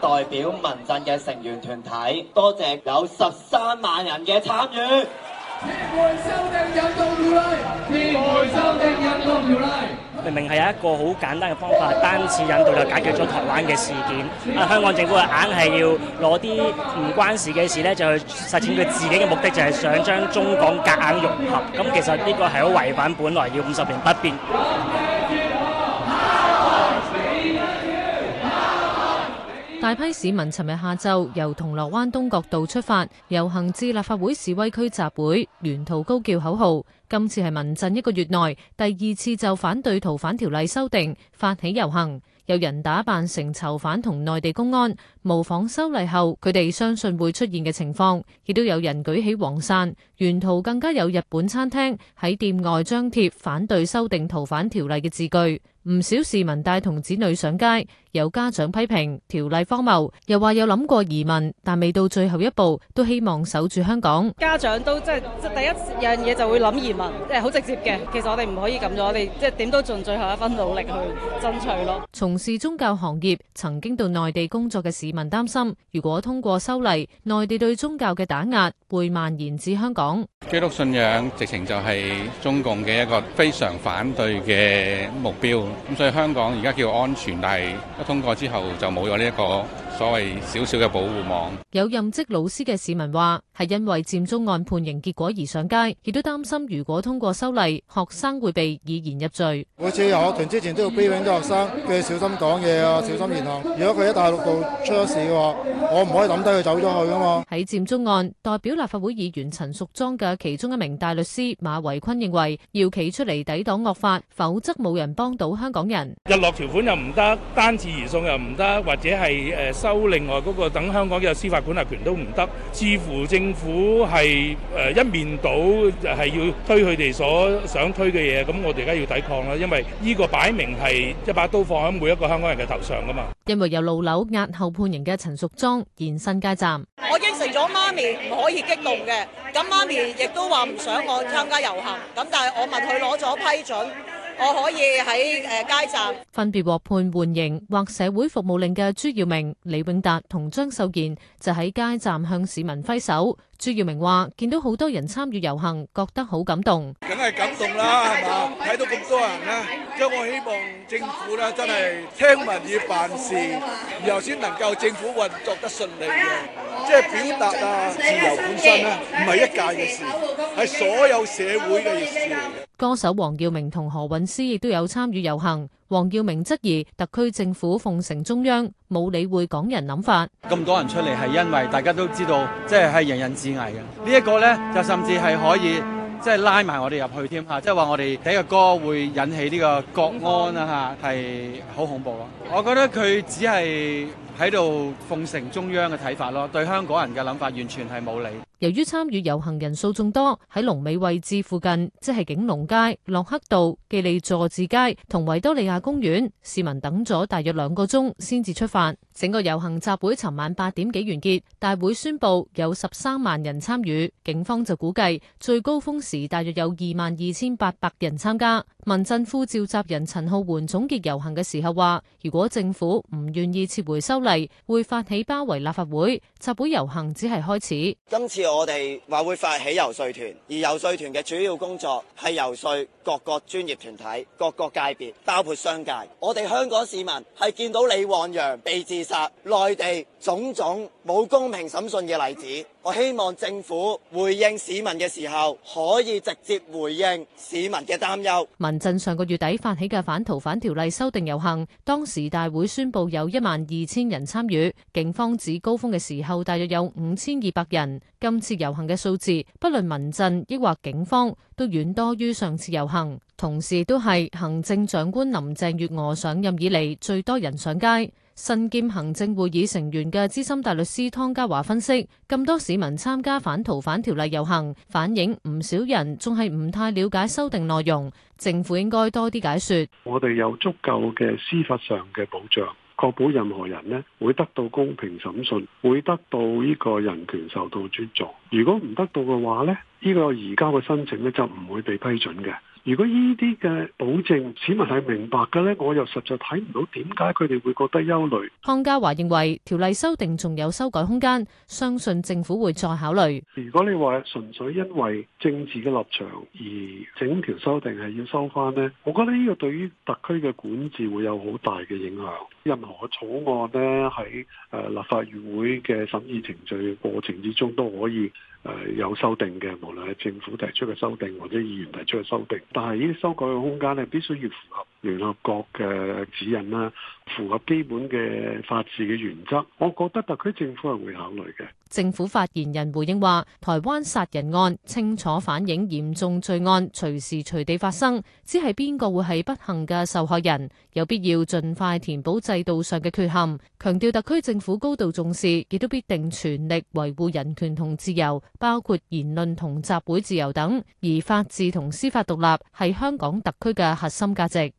代表民陣嘅成員團體，多謝有十三萬人嘅參與。明明係有一個好簡單嘅方法，單次引渡就解決咗台灣嘅事件。啊，香港政府硬係要攞啲唔關事嘅事呢，就去實踐佢自己嘅目的，就係想將中港夾硬融合。咁其實呢個係好違反本來要五十年不變。大批市民尋日下晝由銅鑼灣東角道出發，遊行至立法會示威區集會，沿途高叫口號。今次係民陣一個月內第二次就反對逃犯條例修訂發起遊行，有人打扮成囚犯同內地公安，模仿修例後佢哋相信會出現嘅情況，亦都有人舉起黃傘。沿途更加有日本餐廳喺店外張貼反對修訂逃犯條例嘅字句。唔少市民帶同子女上街，有家長批評條例荒謬，又話有諗過移民，但未到最後一步，都希望守住香港。家長都即係即第一樣嘢就會諗而。即係好直接嘅，其實我哋唔可以咁，我哋即係點都盡最後一分努力去爭取咯。從事宗教行業、曾經到內地工作嘅市民擔心，如果通過修例，內地對宗教嘅打壓會蔓延至香港。基督信仰直情就係中共嘅一個非常反對嘅目標，咁所以香港而家叫安全，但係一通過之後就冇咗呢一個所謂少少嘅保護網。有任職老師嘅市民話，係因為佔中案判刑結果而上街，亦都擔心如如果通過修例，學生會被以言入罪。每次入學團之前都要俾啲學生佢小心講嘢啊，小心言行。如果佢喺大陸度出咗事嘅話，我唔可以抌低佢走咗去㗎嘛。喺佔中案，代表立法會議員陳淑莊嘅其中一名大律師馬維坤認為，要企出嚟抵擋惡法，否則冇人幫到香港人。日落條款又唔得，單次移送又唔得，或者係收另外嗰個，等香港嘅司法管轄權都唔得，似乎政府係一面倒，係要推推佢哋所想推嘅嘢，咁我哋而家要抵抗啦，因為呢個擺明係一把刀放喺每一個香港人嘅頭上噶嘛。因為由老樓押後判刑嘅陳淑莊，現身街站。我應承咗媽咪唔可以激動嘅，咁媽咪亦都話唔想我參加遊行，咁但係我問佢攞咗批准。我可以喺誒街站分別獲判緩刑或社會服務令嘅朱耀明、李永達同張秀賢就喺街站向市民揮手。朱耀明話：見到好多人參與遊行，覺得好感動，梗係感動啦，係嘛？睇到咁多人咧，即係我希望政府咧真係聽民意辦事，然後先能夠政府運作得順利嘅。即係表達啊，自由本身咧唔係一屆嘅事，係所有社會嘅事。歌手黃耀明同何韻詩亦都有參與遊行。黃耀明質疑特區政府奉承中央，冇理會港人諗法。咁多人出嚟係因為大家都知道，即係係人人自危嘅。呢一個咧就甚至係可以即係拉埋我哋入去添吓，即係話我哋睇個歌會引起呢個國安啊吓，係好恐怖咯。我覺得佢只係喺度奉承中央嘅睇法咯，對香港人嘅諗法完全係冇理。由於參與遊行人數眾多，喺龍尾位置附近，即係景隆街、洛克道、記利佐治街同維多利亞公園，市民等咗大約兩個鐘先至出發。整個遊行集會尋晚八點幾完結，大會宣布有十三萬人參與，警方就估計最高峰時大約有二萬二千八百人參加。民陣副召集人陳浩桓總結遊行嘅時候話，如果政府唔願意撤回修例，會發起包圍立法會，集會遊行只係開始。今次。我哋話會發起遊説團，而遊説團嘅主要工作係遊説各個專業團體、各個界別，包括商界。我哋香港市民係見到李旺陽被自殺、內地種種冇公平審訊嘅例子。我希望政府回應市民嘅時候，可以直接回應市民嘅擔憂，民陣上個月底發起嘅《反逃犯條例修訂》遊行，當時大會宣布有一萬二千人參與，警方指高峰嘅時候大約有五千二百人。今次遊行嘅數字，不論民陣抑或警方，都遠多於上次遊行，同時都係行政長官林鄭月娥上任以嚟，最多人上街。身兼行政會議成員嘅資深大律師湯家驊分析，咁多市民參加反逃犯條例遊行，反映唔少人仲係唔太了解修訂內容，政府應該多啲解說。我哋有足夠嘅司法上嘅保障，確保任何人呢會得到公平審訊，會得到呢個人權受到尊重。如果唔得到嘅話呢，呢個而家嘅申請呢就唔會被批准嘅。如果呢啲嘅保證市民係明白嘅咧，我又實在睇唔到點解佢哋會覺得憂慮。湯家驊認為條例修訂仲有修改空間，相信政府會再考慮。如果你話純粹因為政治嘅立場而整條修訂係要收翻咧，我覺得呢個對於特區嘅管治會有好大嘅影響。任何嘅草案咧喺誒，立法議會嘅審議程序過程之中，都可以誒、呃、有修訂嘅，無論係政府提出嘅修訂或者議員提出嘅修訂，但係呢啲修改嘅空間咧，必須要符合。聯合國嘅指引啦，符合基本嘅法治嘅原則，我覺得特區政府係會考慮嘅。政府發言人回應話，台灣殺人案清楚反映嚴重罪案隨時隨地發生，只係邊個會係不幸嘅受害人，有必要盡快填補制度上嘅缺陷。強調特區政府高度重視，亦都必定全力維護人權同自由，包括言論同集會自由等。而法治同司法獨立係香港特區嘅核心價值。